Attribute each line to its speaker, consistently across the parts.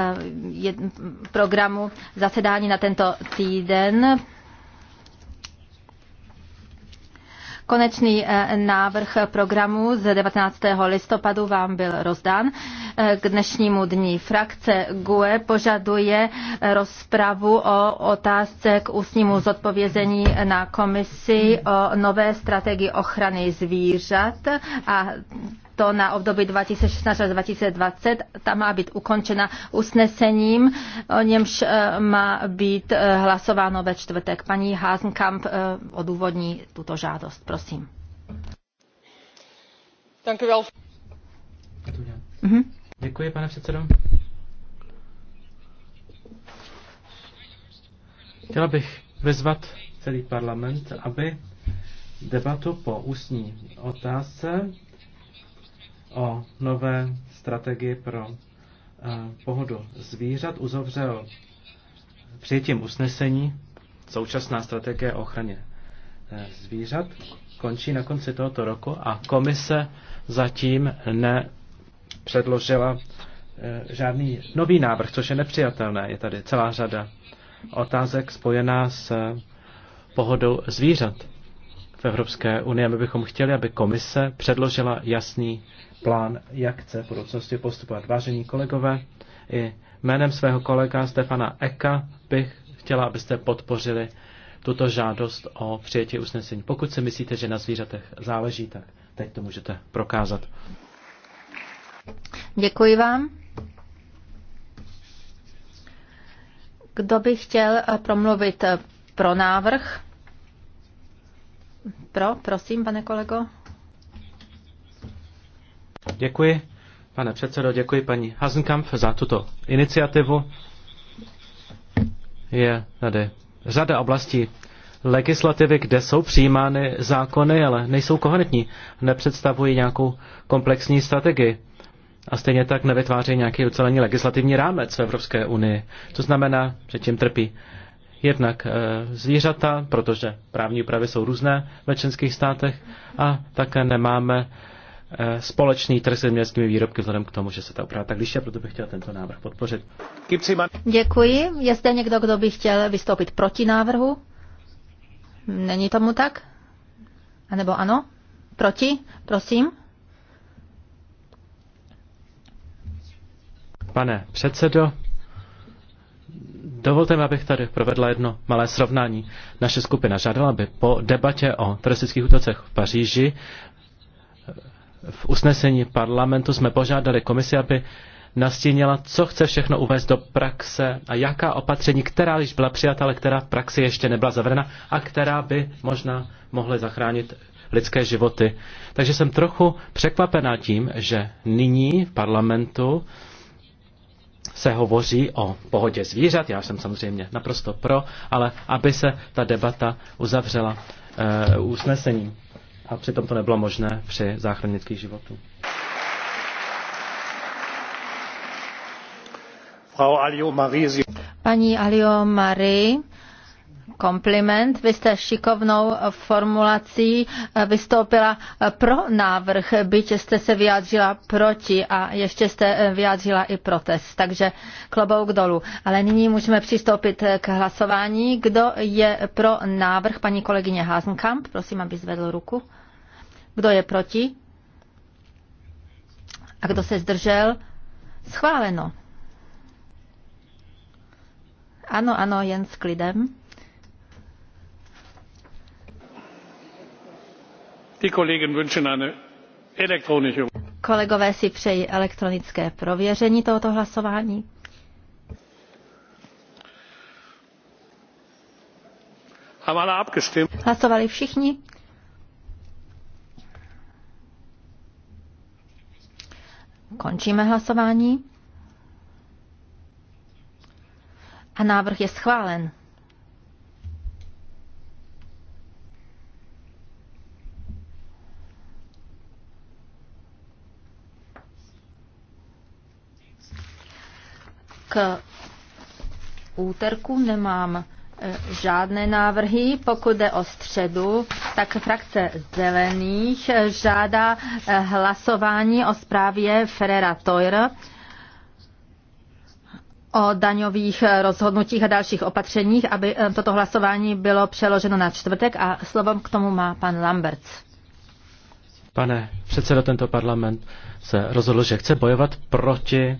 Speaker 1: Eh, programu zasedání na tento týden. Konečný eh, návrh programu z 19. listopadu vám byl rozdán k dnešnímu dní. Frakce GUE požaduje rozpravu o otázce k ústnímu zodpovězení na komisi o nové strategii ochrany zvířat a to na období 2016 až 2020. Ta má být ukončena usnesením, o němž eh, má být eh, hlasováno ve čtvrtek. Paní Hasenkamp eh, odůvodní tuto žádost. Prosím. Děkuji.
Speaker 2: Děkuji, pane předsedo. Chtěla bych vyzvat celý parlament, aby debatu po ústní otázce o nové strategii pro eh, pohodu zvířat uzavřel přijetím usnesení současná strategie o ochraně eh, zvířat. Končí na konci tohoto roku a komise zatím ne předložila eh, žádný nový návrh, což je nepřijatelné. Je tady celá řada otázek spojená s eh, pohodou zvířat v Evropské unii. My bychom chtěli, aby komise předložila jasný plán, jak chce v budoucnosti postupovat. Vážení kolegové, i jménem svého kolega Stefana Eka bych chtěla, abyste podpořili tuto žádost o přijetí usnesení. Pokud si myslíte, že na zvířatech záleží, tak teď to můžete prokázat.
Speaker 1: Děkuji vám. Kdo by chtěl eh, promluvit eh, pro návrh? Pro, prosím, pane kolego.
Speaker 2: Děkuji, pane předsedo, děkuji paní Hazenkamp za tuto iniciativu. Je tady řada oblastí legislativy, kde jsou přijímány zákony, ale nejsou koherentní, nepředstavují nějakou komplexní strategii a stejně tak nevytvářejí nějaký ucelený legislativní rámec v Evropské unii. To znamená, že tím trpí jednak eh, zvířata, protože právní úpravy jsou různé ve členských státech a také nemáme eh, společný trh s zemědělskými výrobky vzhledem k tomu, že se ta úprava tak liší, proto bych chtěl tento návrh podpořit.
Speaker 1: Děkuji. Je zde někdo, kdo by chtěl vystoupit proti návrhu? Není tomu tak? A nebo ano? Proti? Prosím.
Speaker 2: Pane předsedo, dovolte mi, abych tady provedla jedno malé srovnání. Naše skupina žádala, by po debatě o teroristických útocech v Paříži v usnesení parlamentu jsme požádali komisi, aby nastínila, co chce všechno uvést do praxe a jaká opatření, která již byla přijata, ale která v praxi ještě nebyla zavedena a která by možná mohla zachránit lidské životy. Takže jsem trochu překvapená tím, že nyní v parlamentu se hovoří o pohodě zvířat, já jsem samozřejmě naprosto pro, ale aby se ta debata uzavřela e, usnesením. A přitom to nebylo možné při záchranických životů.
Speaker 1: Paní Alio Marie kompliment. Vy jste šikovnou formulací eh, vystoupila eh, pro návrh, byť jste se vyjádřila proti a ještě jste eh, vyjádřila i protest. Takže klobouk dolů. Ale nyní můžeme přistoupit k hlasování. Kdo je pro návrh paní kolegyně Hasenkamp? Prosím, aby zvedl ruku. Kdo je proti? A kdo se zdržel? Schváleno. Ano, ano, jen s klidem. Kolegové si přejí elektronické prověření tohoto hlasování. Hlasovali všichni? Končíme hlasování. A návrh je schválen. úterku nemám e, žádné návrhy. Pokud jde o středu, tak frakce zelených e, žádá e, hlasování o zprávě Ferrera Toyr o daňových rozhodnutích a dalších opatřeních, aby toto hlasování bylo přeloženo na čtvrtek a slovom k tomu má pan Lamberts.
Speaker 2: Pane předsedo, tento parlament se rozhodl, že chce bojovat proti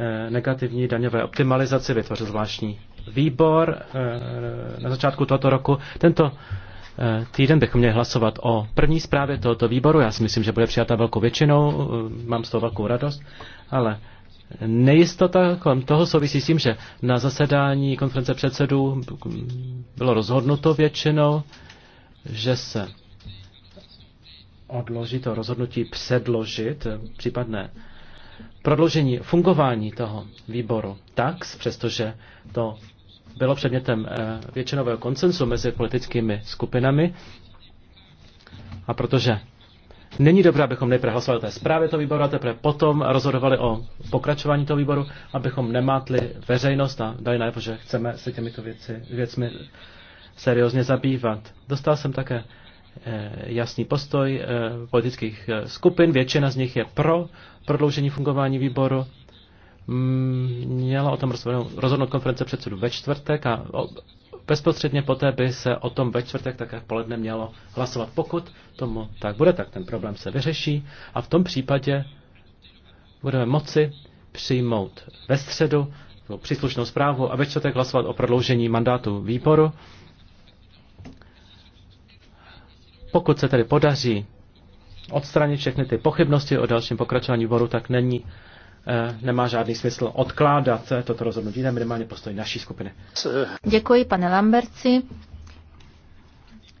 Speaker 2: Eh, negativní daňové optimalizaci vytvořil zvláštní výbor eh, na začátku tohoto roku. Tento eh, týden bychom měli hlasovat o první zprávě tohoto výboru. Já si myslím, že bude přijata velkou většinou, mám z toho velkou radost, ale nejistota kolem toho souvisí s tím, že na zasedání konference předsedů bylo rozhodnuto většinou, že se odloží to rozhodnutí předložit případné prodloužení fungování toho výboru tax, přestože to bylo předmětem eh, většinového koncensu mezi politickými skupinami. A protože není dobré, abychom nejprve hlasovali o té zprávě toho výboru a teprve potom rozhodovali o pokračování toho výboru, abychom nemátli veřejnost a dali najevo, že chceme se těmito věci, věcmi seriózně zabývat. Dostal jsem také Eh, jasný postoj eh, politických eh, skupin. Většina z nich je pro prodloužení fungování výboru. Mm, měla o tom rozhodnout konference předsedů ve čtvrtek a bezprostředně poté by se o tom ve čtvrtek také poledne mělo hlasovat. Pokud tomu tak bude, tak ten problém se vyřeší a v tom případě budeme moci přijmout ve středu příslušnou zprávu a ve čtvrtek hlasovat o prodloužení mandátu výboru. Pokud se tedy podaří odstranit všechny ty pochybnosti o dalším pokračování výboru, tak není, eh, nemá žádný smysl odkládat eh, toto rozhodnutí, na minimálně postoj naší skupiny.
Speaker 1: Děkuji, pane Lamberci.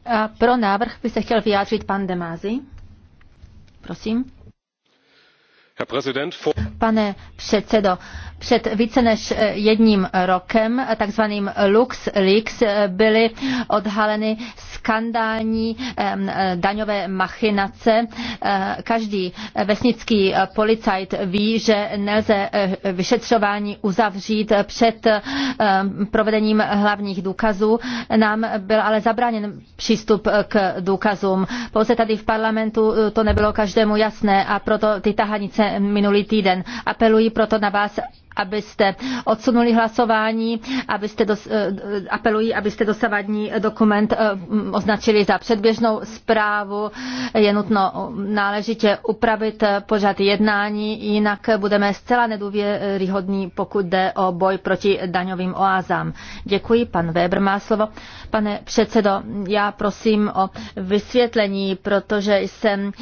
Speaker 1: A pro návrh by se chtěl vyjádřit pan Demázy. Prosím. Pane předsedo, před více než eh, jedním rokem, eh, takzvaným LuxLeaks, eh, byly odhaleny skandální daňové machinace. Každý vesnický policajt ví, že nelze vyšetřování uzavřít před provedením hlavních důkazů. Nám byl ale zabráněn přístup k důkazům. Pouze tady v parlamentu to nebylo každému jasné a proto ty tahanice minulý týden. Apeluji proto na vás abyste odsunuli hlasování, abyste dos, eh, apelují, abyste dosavadní dokument eh, mm, označili za předběžnou zprávu. Je nutno eh, náležitě upravit pořad jednání, jinak budeme zcela nedůvěryhodní, pokud jde o boj proti daňovým oázám. Děkuji, pan Weber má slovo. Pane předsedo, já prosím o vysvětlení, protože jsem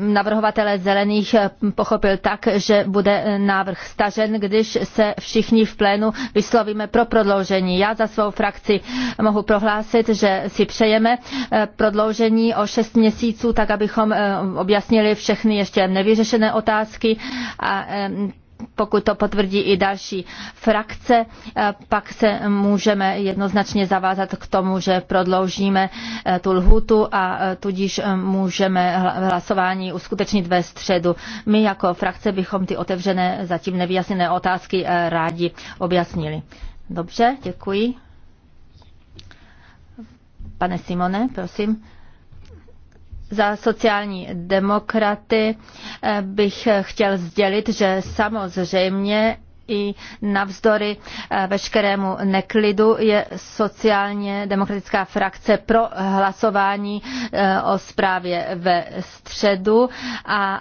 Speaker 1: navrhovatele zelených pochopil tak, že bude návrh stažen ukončen, když se všichni v plénu vyslovíme pro prodloužení. Já za svou frakci mohu prohlásit, že si přejeme eh, prodloužení o 6 měsíců, tak abychom eh, objasnili všechny ještě nevyřešené otázky a pokud to potvrdí i další frakce, eh, pak se můžeme jednoznačně zavázat k tomu, že prodloužíme eh, tu lhutu a eh, tudíž můžeme hlasování uskutečnit ve středu. My jako frakce bychom ty otevřené, zatím nevyjasněné otázky rádi objasnili. Dobře, děkuji. Pane Simone, prosím. Za sociální demokraty eh, bych chtěl sdělit, že samozřejmě i navzdory eh, veškerému neklidu je sociálně demokratická frakce pro hlasování eh, o zprávě ve středu a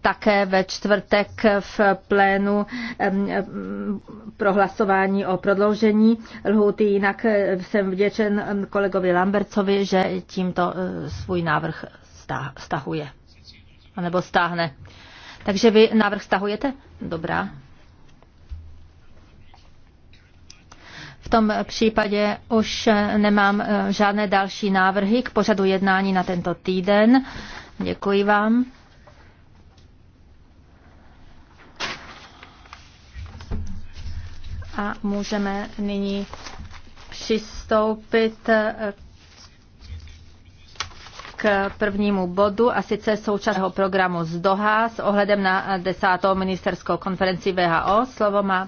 Speaker 1: také ve čtvrtek v plénu pro hlasování o prodloužení lhůty. Jinak eh, jsem vděčen kolegovi Lambercovi, že tímto svůj návrh stahuje. Nebo stáhne. Takže vy návrh stahujete? Dobrá. V tom případě už nemám eh, žádné další návrhy k pořadu jednání na tento týden. Děkuji vám. A můžeme nyní přistoupit eh, k prvnímu bodu, a sice současného programu z Doha s ohledem na desátou ministerskou konferenci VHO. Slovo má